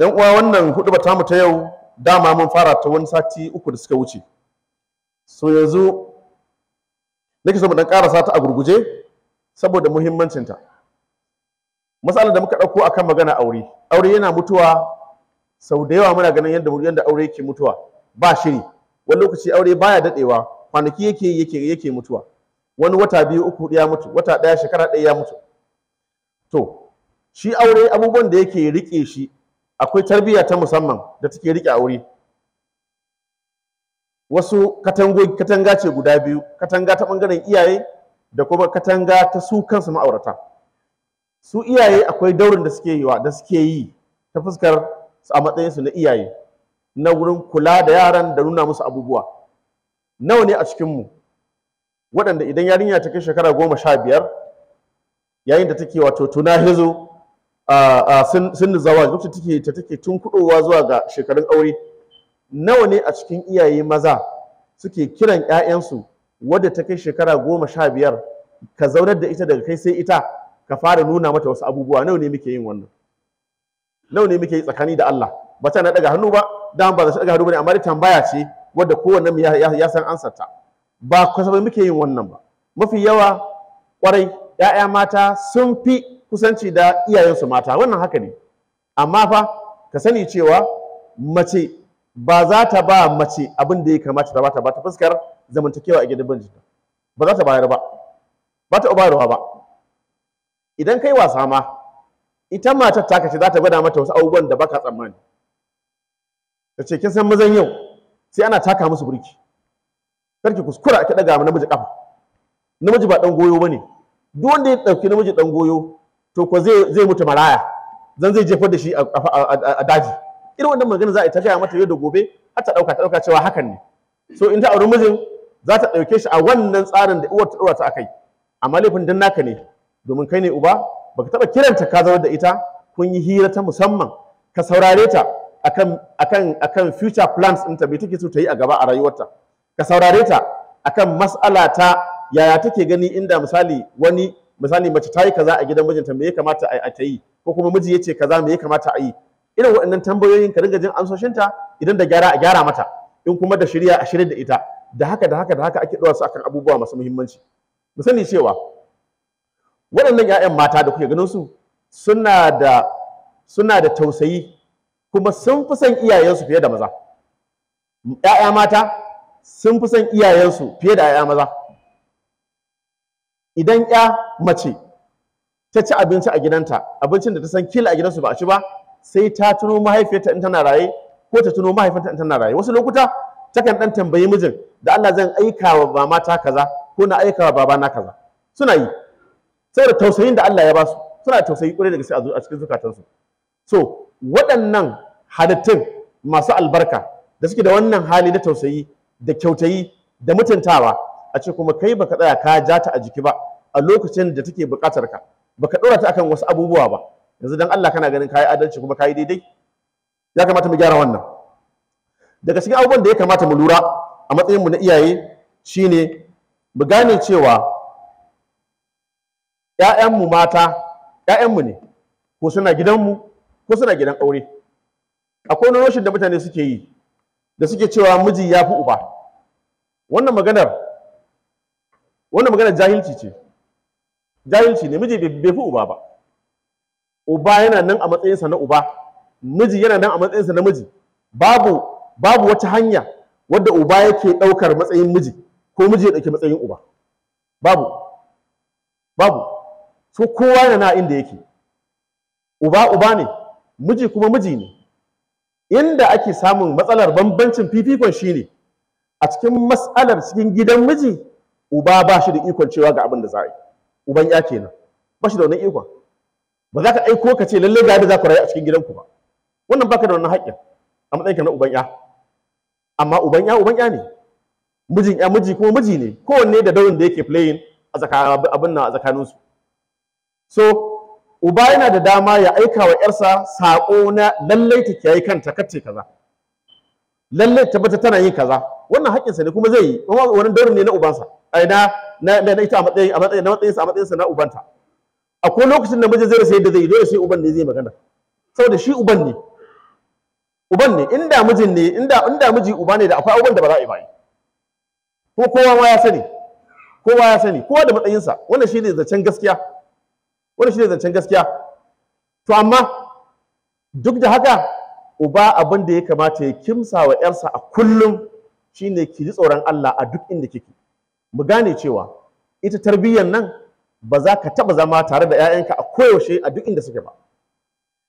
yan uwa wannan hudu ta mu ta yau dama mun fara ta wani sati uku da suka wuce so yanzu nake so mu dan karasa ta a gurguje saboda muhimmancinta matsalar da muka ɗauko akan magana aure aure yana mutuwa sau da yawa muna ganin yadda yadda aure yake mutuwa ba shiri wani lokaci aure baya dadewa kwanaki yake yake yake mutuwa wani wata biyu uku ya mutu wata ɗaya shekara daya ya mutu to shi aure abubuwan da yake rike shi akwai tarbiyya ta musamman da take rike aure wasu katanga ce guda biyu katanga ta bangaren iyaye da kuma katanga ta su kansu ma'aurata su iyaye akwai daurin da suke yi wa da suke yi ta fuskar a matsayinsu na iyaye na wurin kula da yaran da nuna musu abubuwa nawa ne a cikinmu waɗanda idan yarinya ta kai shekara goma sha biyar yayin da take wato tuna hizo sun zawa lokacin take ta take tun kudowa zuwa ga shekarun aure nawa ne a cikin iyaye maza suke kiran ƴaƴansu wadda ta kai shekara goma sha biyar ka zaunar da ita daga kai sai ita ka fara nuna mata wasu abubuwa nawa ne muke yin wannan nawa ne muke yi tsakani da Allah ba ta na daga hannu ba dan ba za su daga hannu bane amma tambaya ce wadda kowanne mu ya san ansar ta ba ba muke yin wannan ba mafi yawa kwarai ƴaƴa mata sun fi kusanci da iyayensu mata wannan haka ne amma fa ka sani cewa mace ba za ta ba mace abin da ya kamata ta ba ta ba ta fuskar zamantakewa a gidan bijinta ba za ta bayar ba ba ta bayarwa ba idan kai wasa ma ita matar ta kace za ta gwada mata wasu abubuwan da baka tsammani ta ce kin san mazan yau sai ana taka musu burki karki kuskura ki daga namiji kafa namiji ba dan goyo bane duk wanda ya dauki namiji dan goyo to ko zai mutu maraya zan zai jefar da shi a daji irin wannan magana za a yi ta gaya mata yau da gobe har ta ɗauka ta ɗauka cewa hakan ne so in ta auri mijin za ta ɗauke shi a wannan tsarin da uwar ta ɗora ta akai amma laifin dan naka ne domin kai ne uba baka taɓa kiranta ka zaunar da ita kun yi hira ta musamman ka saurare ta akan akan akan future plans ɗinta me take so ta yi a gaba a rayuwarta ka saurare ta akan mas'ala ta yaya take gani inda misali wani misali mace ta yi kaza a gidan mijinta me ya kamata a ta yi ko kuma miji ya ce kaza me ya kamata a yi irin waɗannan tambayoyin ka dinga jin amsoshinta idan da gyara a gyara mata in kuma da shirya a shirya da ita da haka da haka da haka ake ɗora su akan abubuwa masu muhimmanci mu sani cewa waɗannan 'ya'yan mata da kuke ganin su suna da suna da tausayi kuma sun fi son iyayensu fiye da maza 'ya'ya mata sun fi son iyayensu fiye da 'ya'ya maza idan ya mace ta ci abinci a gidanta abincin da ta san kila a gidansu ba a ci ba sai ta tuno mahaifiyarta in tana raye ko ta tuno mahaifinta in tana raye wasu lokuta takan dan tambayi mijin da Allah zan aika wa mama ta kaza ko na aika wa baba na kaza suna yi Sai da tausayin da Allah ya ba su suna tausayi kure da gaske a cikin zukatansu so waɗannan halittun masu albarka da suke da wannan hali na tausayi da kyautayi da mutuntawa a ce kuma kai baka tsaya ka ja ta a jiki ba a lokacin da take buƙatar ka baka dora ta akan wasu abubuwa ba yanzu dan Allah kana ganin kai adalci kuma kayi daidai ya kamata mu gyara wannan daga cikin abubuwan da ya kamata mu lura a matsayin mu na iyaye shine mu gane cewa ‘ya'yanmu mata mu ne ko suna mu ko suna gidan aure akwai wani roshin da mutane suke yi da suke cewa miji ya fi uba wannan maganar wannan magana jahilci ce jahilci ne miji bai fi uba ba uba yana nan a matsayinsa na uba miji yana nan a matsayinsa na miji babu babu wata hanya wadda uba yake ɗaukar matsayin miji ko miji ya ɗauki matsayin uba babu babu so kowa yana na inda yake uba uba ne miji kuma miji ne inda ake samun matsalar bambancin fifikon shine a cikin matsalar cikin gidan miji uba ba shi da ikon cewa ga abin da za a yi uban ya kenan ba shi da wannan ikon ba za ka aiko ka ce lalle ga yadda za ku rayu a cikin gidanku ba wannan baka da wannan haƙƙin a matsayinka na uban ya amma uban ya uban ya ne mijin ya miji kuma miji ne kowanne da daurin da yake playing a tsakanin abin nan a tsakanin su so uba yana da dama ya aika wa yarsa saƙo na lallai ta kiyaye kanta kace kaza lallai tabbata tana yin kaza wannan haƙƙinsa ne kuma zai yi wannan daurin ne na ubansa na na na ita a matsayin a matsayin na matsayin sa a matsayin sa na ubanta akwai lokacin da miji zai rasa yadda zai dole sai uban ne zai magana saboda shi uban ne uban ne inda mijin ne inda inda miji uba ne da akwai abubuwan da ba za a yi ba ko kowa ma ya sani kowa ya sani kowa da matsayinsa wannan shi ne zancen gaskiya wannan shi ne zancen gaskiya to amma duk da haka uba abin da ya kamata ya kimsa wa 'yarsa a kullum shine ki ji tsoron Allah a duk inda kike mu gane cewa ita tarbiyyar nan ba za ka taɓa zama tare da 'ya'yanka a koyaushe a duk inda suke ba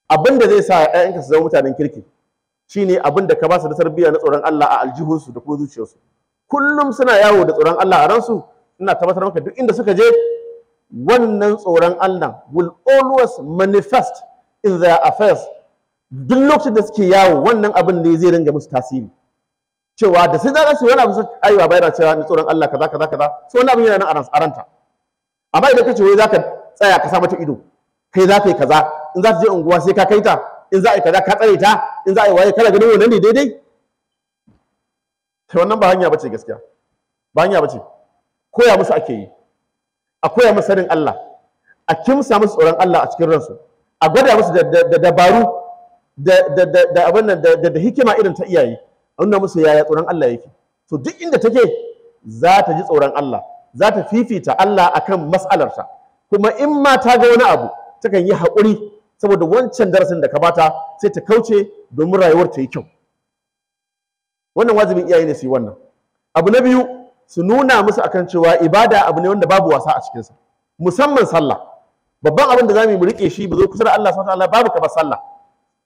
abin da zai sa 'ya'yanka su zama mutanen kirki shi ne abin da ka ba su da tarbiyya na tsoron Allah a aljihunsu da kuma zuciyarsu kullum suna yawo da tsoron Allah a ransu ina tabbatar maka duk inda suka je wannan tsoron Allah will always manifest in their affairs duk lokacin da suke yawo wannan abin ne zai ringa musu tasiri cewa da sai za su wani abu sai ai baba yana cewa ni tsoron Allah kaza kaza kaza so wani abu yana nan aran aranta amma idan kace wai zaka tsaya ka sa mata ido kai za ka yi kaza in za ta je unguwa sai ka kai ta in za a yi kaza ka tsare ta in za a yi waye kana ganin wannan ne daidai to wannan ba hanya bace gaskiya ba hanya bace koya musu ake yi a koya musu sanin Allah a kimsa musu tsoron Allah a cikin ransu a gwada musu da dabaru da abin nan da hikima irin ta iyaye a nuna musu yaya tsoron Allah yake to duk inda take za ta ji tsoron Allah za ta fifita Allah akan mas'alarta kuma in ma ta ga wani abu takan yi haƙuri saboda wancan darasin da ka bata sai ta kauce domin rayuwar ta yi kyau wannan wajibin iyaye ne su yi wannan abu na biyu su nuna musu akan cewa ibada abu ne wanda babu wasa a cikinsa musamman sallah babban abin da zamu mu riƙe shi mu zo kusa da Allah subhanahu ta'ala babu ba sallah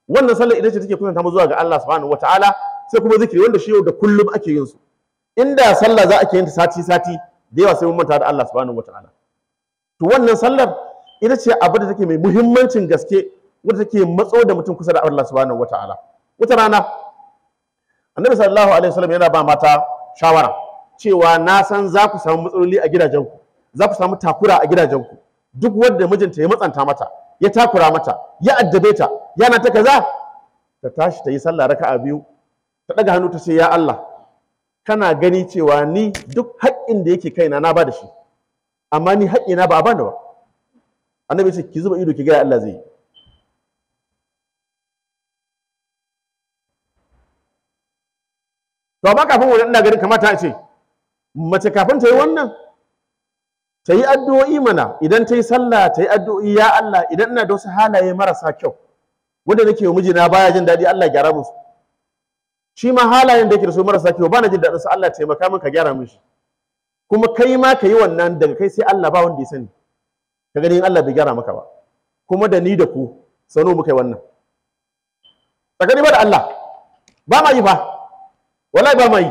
wannan sallah ita ce take kusanta mu zuwa ga Allah subhanahu ta'ala. sai kuma zikiri wanda shi yau da kullum ake yin su inda sallah za a ke yin ta sati sati da yawa sai mun manta da Allah subhanahu wataala to wannan sallar ita ce abin da take mai muhimmancin gaske wanda take matso da mutum kusa da Allah subhanahu wataala wata rana annabi sallallahu alaihi wasallam yana ba mata shawara cewa na san za ku samu matsaloli a gidajenku za ku samu takura a gidajenku duk wanda mijinta ya matsanta mata ya takura mata ya addabe ta yana ta kaza ta tashi ta yi sallah raka'a biyu ta ɗaga hannu ta ce ya Allah kana gani cewa ni duk haƙƙin da yake kaina na ba da shi amma ni na ba a bani ba annabi ce ki zuba ido ki gaya Allah zai yi to amma kafin wannan ina gani kamata a ce mace kafin ta yi wannan ta yi addu'o'i mana idan ta yi sallah ta yi addu'o'i ya Allah idan ina da wasu halaye marasa kyau wanda nake wa mijina baya jin daɗi Allah gyara musu shi ma halayen da yake da su marasa kyau ba na jin daɗin su Allah taimaka min ka gyara min shi kuma kai ma ka yi wannan daga kai sai Allah ba wanda ya sani ka gani Allah bai gyara maka ba kuma da ni da ku sanu muka yi wannan tsakani ba da Allah ba ma yi fa wallahi ba ma yi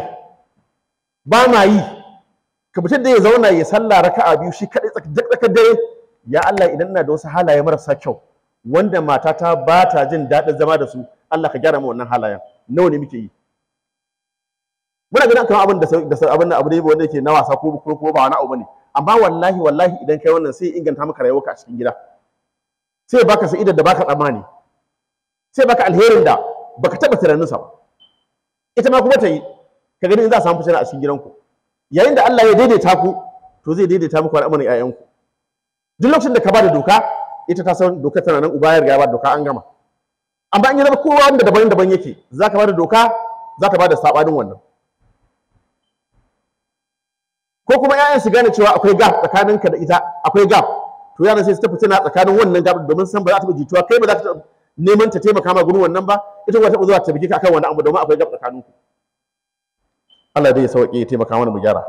ba ma yi ka fitar da ya zauna ya sallah raka'a biyu shi kaɗai tsakar dare ya Allah idan ina da wasu halaye marasa kyau wanda matata ba ta jin daɗin zama da su Allah ka gyara mu wannan halayen nawa ne muke yi muna ganin kamar abin da abin abu ne wanda yake na wasa ko ko ba wani abu bane amma wallahi wallahi idan kai wannan sai inganta maka rayuwarka a cikin gida sai baka sa'idar da baka tsammani sai baka alherin da baka taba tunaninsa ba ita ma kuma ta yi ka gani in za a samu fitina a cikin gidanku yayin da Allah ya daidaita ku to zai daidaita muku al'amarin ƴaƴanku duk lokacin da ka ba da doka ita ta san doka tana nan uba ya riga ba doka an gama amma in ya zama kowa wanda daban-daban yake za ka ba da doka za ta ba da saɓanin wannan ko kuma ƴaƴan su gane cewa akwai gap tsakaninka da ita akwai gap to yaran sai su tafi tana tsakanin wannan gap domin san ba za ta jituwa kai ba za ta neman ta taimaka ma gurin wannan ba ita kuma ta zuwa ta bige ka akan wannan abu domin akwai gap tsakaninku Allah dai ya sauke ya taimaka mana mu gyara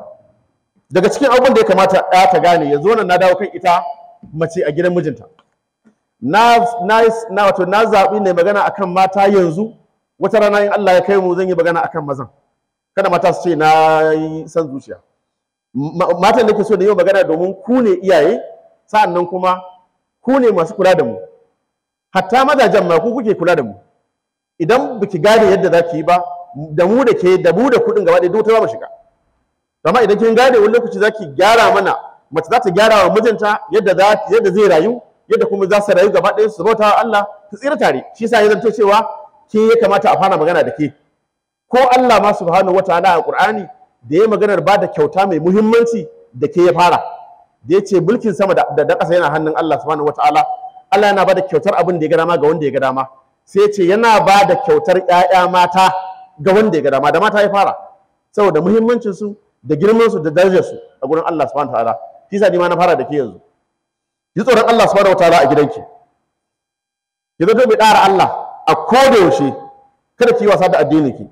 daga cikin abin da ya kamata ɗaya ta gane yanzu nan na dawo kan ita mace a gidan mijinta na na na wato na zabi ne magana akan mata yanzu wata rana in Allah ya kai mu zan yi magana akan mazan kada mata su ce na san zuciya matan da ke so da yi magana domin ku ne iyaye sa'an nan kuma ku ne masu kula da mu hatta mazajen ma ku kuke kula da mu idan ba ki gane yadda za ki yi ba da mu da ke da mu da kuɗin gaba ɗaya duk ta za shiga amma idan kin gane wani lokaci za ki gyara mana mace za ta gyara wa mijinta yadda zai rayu yadda kuma za su rayu gaba ɗaya su bauta Allah ta tsira tare shi yasa ya zanto cewa ke ya kamata a fara magana da ke ko Allah ma subhanahu wataala a Qur'ani da ya maganar ba da kyauta mai muhimmanci da ke ya fara da ya ce mulkin sama da da ƙasa yana hannun Allah subhanahu wataala Allah yana ba da kyautar abin da ya ga dama ga wanda ya ga dama sai ya ce yana ba da kyautar ƴaƴa mata ga wanda ya ga dama da mata ya fara saboda muhimmancin su da girman da darajar a gurin Allah subhanahu wataala kisa ni ma na fara da ke yanzu yi tsoron Allah subhanahu wataala a gidanki ki zato mai ɗara Allah a koda yaushe kada ki yi wasa da addinin ki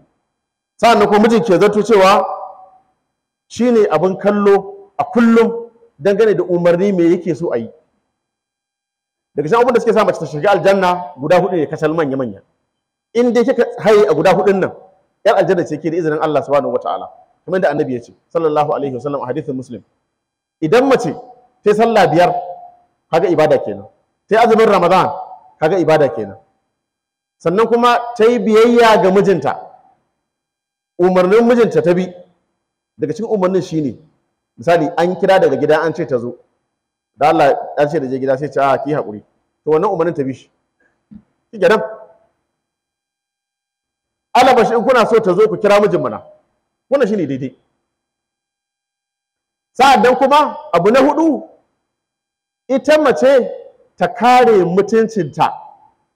sa'an nan ko mijinki ya zato cewa shine abin kallo a kullum dangane da umarni me yake so a yi daga cikin abin da suke sa mace ta shiga aljanna guda hudu ne kasar manya manya in dai kika haye a guda hudun nan yar aljanna ce ke da izinin Allah subhanahu wataala kamar da annabi ya ce sallallahu alaihi wasallam a hadithin muslim idan mace ta sallah biyar kaga ibada kenan ta azumin ramadan kaga ibada kenan sannan kuma ta yi biyayya ga mijinta umarnin mijinta ta bi daga cikin umarnin shi ne. misali an kira daga gida an ce ta zo da Allah Ya ce da je gida sai ce a ah, ki haƙuri to wannan umarnin ta bi shi shi kenan alabashi in kuna so ta zo ku kira mijin mana wannan shine daidai sa'an dan kuma abu na hudu ita mace ta kare mutuncinta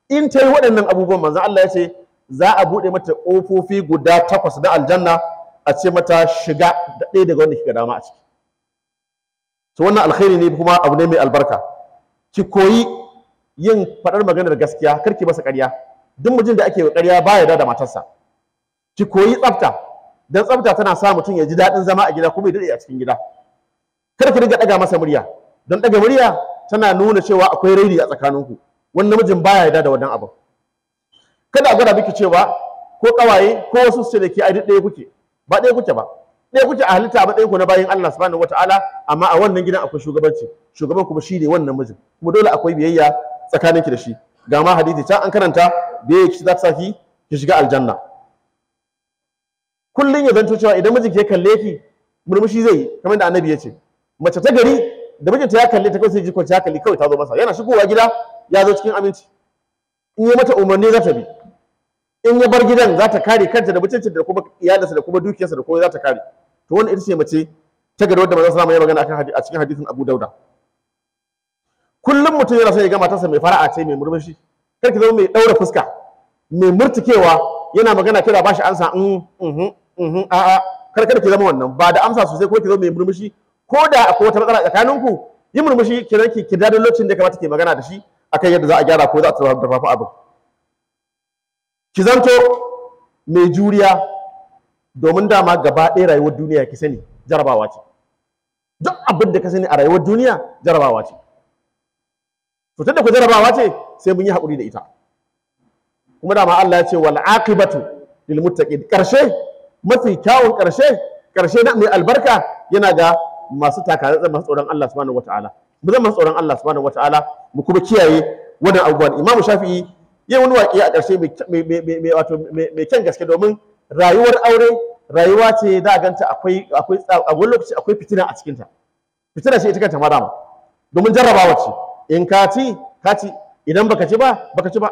in ta yi waɗannan abubuwan manzo Allah ya ce za a buɗe mata ƙofofi guda takwas na aljanna a ce mata shiga da ɗaya daga wanda kika dama a ciki to wannan alkhairi ne kuma abu ne mai albarka ki koyi yin faɗar maganar gaskiya kar ki masa ƙarya duk mijin da ake ƙarya ba ya da matarsa ki koyi tsafta dan tsafta tana sa mutum ya ji daɗin zama a gida kuma ya daɗe a cikin gida kar ki riga ɗaga masa murya don ɗaga murya tana nuna cewa akwai raini a tsakaninku Wannan mijin baya ya da wannan abin kada a gwada miki cewa ko kawaye ko wasu su ce da ke ai duk ɗaya kuke ba ɗaya kuke ba ɗaya kuke a halitta ba ɗaya ku na bayan Allah subhanahu wataala amma a wannan gidan akwai shugabanci shugaban kuma shi ne wannan mijin kuma dole akwai biyayya tsakaninki da shi ga ma hadisi can an karanta da ki za ta saki ki shiga aljanna kullun ya zanto cewa idan mijinki ya kalle ki murmushi zai yi kamar da annabi ya ce mace ta gari da mijinta ya kalle ta kawai sai ji kwanciya kalli kawai ta zo masa yana shigowa gida ya zo cikin aminci in yi mata umarni za ta bi in ya bar gidan za ta kare kanta da mutuncin da kuma iyalinsa da kuma dukiyarsa da kuma za ta kare to wannan ita ce mace ta gado da manzon sallallahu alaihi wasallam ya magana a cikin hadisin Abu Dauda kullum mutum yana son ya ga matarsa mai fara'a ce mai murmushi kar ki zama mai daura fuska mai murtukewa yana magana kira bashi ansa in mm, mhm mhm a a kar kar ki zama wannan ba da amsa sosai ko ki zama mai murmushi ko da akwai wata matsala tsakaninku yi murmushi ki ki ki dadin lokacin da kamata ke magana da shi akan yadda za a gyara ko za a tarfafa abin ki zanto mai juriya domin dama gaba ɗaya rayuwar duniya ki sani jarabawa ce duk abin da ka sani a rayuwar duniya jarabawa ce to tunda ku jarabawa ce sai mun yi haƙuri da ita kuma dama Allah ya ce wal aqibatu lil muttaqin karshe mafi kyawun karshe karshe na mai albarka yana ga masu taka masu tsoron Allah subhanahu wataala mu zama tsoron Allah subhanahu wataala mu kuma kiyaye wannan abubuwan imamu Shafi'i yi wani waƙi a ƙarshe mai kyan gaske domin rayuwar aure rayuwa ce za a ganta akwai akwai a wani lokaci akwai fitina a cikinta fitina ce ita kanta ma domin jarrabawa ce in ka ci idan baka ci ba baka ci ba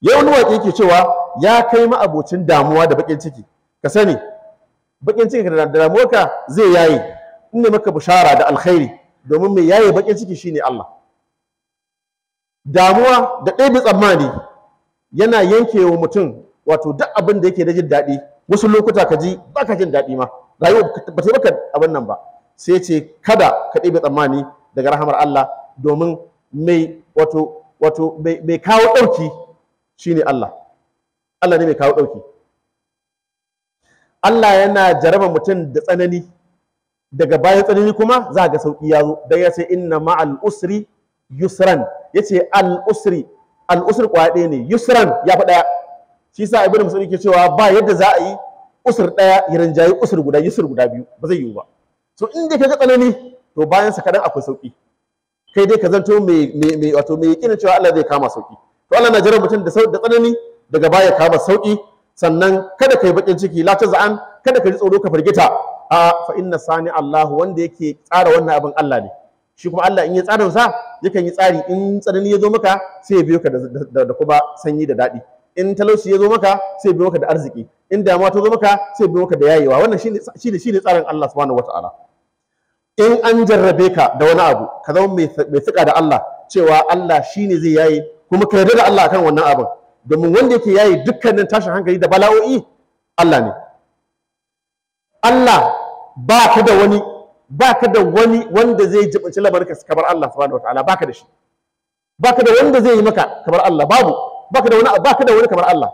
yau wani waƙi yake cewa ya kai ma abocin damuwa da bakin ciki ka sani baƙin ciki da damuwarka zai yaye in maka bishara da alkhairi domin mai yaye baƙin ciki shi ne Allah damuwa da ɗebe tsammani yana yanke wa mutum wato duk abin da yake da jin daɗi wasu lokuta ka ji ba ka jin daɗi ma rayuwa ba ta baka abin nan ba sai ce kada ka ɗebe tsammani daga rahamar Allah domin mai wato wato mai kawo ɗauki shine Allah Allah ne mai kawo ɗauki Allah yana jaraba mutum da tsanani daga bayan tsanani kuma za ga sauƙi ya zo dan ya ce inna ma'al usri yusran yace al-usri al-usr ɗaya ne yusran ya fi ɗaya shi abin da musulmi ke cewa ba yadda za a yi usur ɗaya ya rinjayi usur guda yusur guda biyu ba zai yiwu ba so in dai kaga tsanani to bayan sa kadan akwai sauki kai dai ka zanto mai mai wato mai yakinin cewa Allah zai kama sauki to Allah na jarar mutum da da tsanani daga baya kama sauƙi, sannan kada kai bakin ciki la taz'an kada ka ji tsoro ka firgita a fa inna sani Allah wanda yake tsara wannan abin Allah ne shi kuma Allah in ya tsarin sa yakan yi tsari in tsanani ya zo maka sai ya biyo ka da kuma sanyi da daɗi in talauci ya zo maka sai ya biyo ka da arziki in damuwa ta zo maka sai ya biyo ka da yayewa wannan ne shi ne tsarin Allah subhanahu wataala in an jarrabe ka da wani abu ka zama mai tsika da Allah cewa Allah shi ne zai yaye kuma ka yarda da Allah akan wannan abin domin wanda yake yaye dukkanin tashin hankali da bala'o'i Allah ne Allah ba ka da wani baka da wani wanda zai jibanci lamarinka kamar Allah subhanahu wataala baka da shi baka da wanda zai yi maka kamar Allah babu baka da wani baka da wani kamar Allah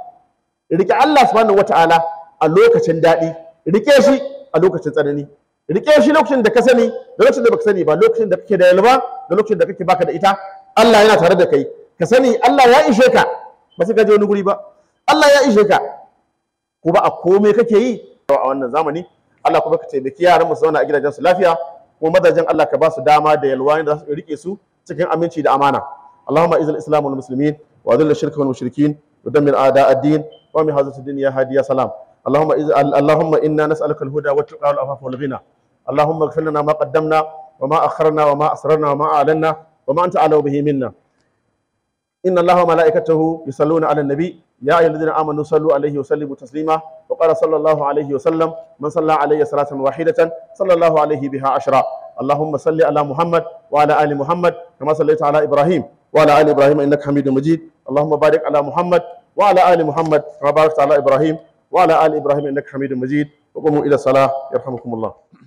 rike Allah subhanahu wataala a lokacin daɗi rike shi a lokacin tsanani rike shi lokacin da ka sani da lokacin da baka sani ba lokacin da kake da yalwa da lokacin da kake baka da ita Allah yana tare da kai ka sani Allah ya ishe ka ba sai ka je wani guri ba Allah ya ishe ka ko ba a komai kake yi a wannan zamani Allah kuma ka taimaki yaran mu zauna a gidajen su lafiya kuma mazajen Allah ka ba su dama da yalwa da su rike su cikin aminci da amana Allahumma izil islamu wal muslimin wa dhil shirka wal mushrikin wa dammir a'da ad-din wa min hadhihi ad-dunya hadiya salam اللهم إز... اللهم انا نسالك الهدى والتقى والعفاف والغنى اللهم wa ma a قدمنا وما اخرنا a اسررنا وما اعلنا وما انت اعلم به منا إن الله وملائكته يصلون على النبي يا أيها الذين آمنوا صلوا عليه وسلموا تسليما وقال صلى الله عليه وسلم من صلى عليه صلاة واحدة صلى الله عليه بها عشرا اللهم صل على محمد وعلى آل محمد كما صليت على إبراهيم وعلى آل إبراهيم إنك حميد مجيد اللهم بارك على محمد وعلى آل محمد كما باركت على إبراهيم وعلى آل إبراهيم إنك حميد مجيد وقوموا إلى الصلاة يرحمكم الله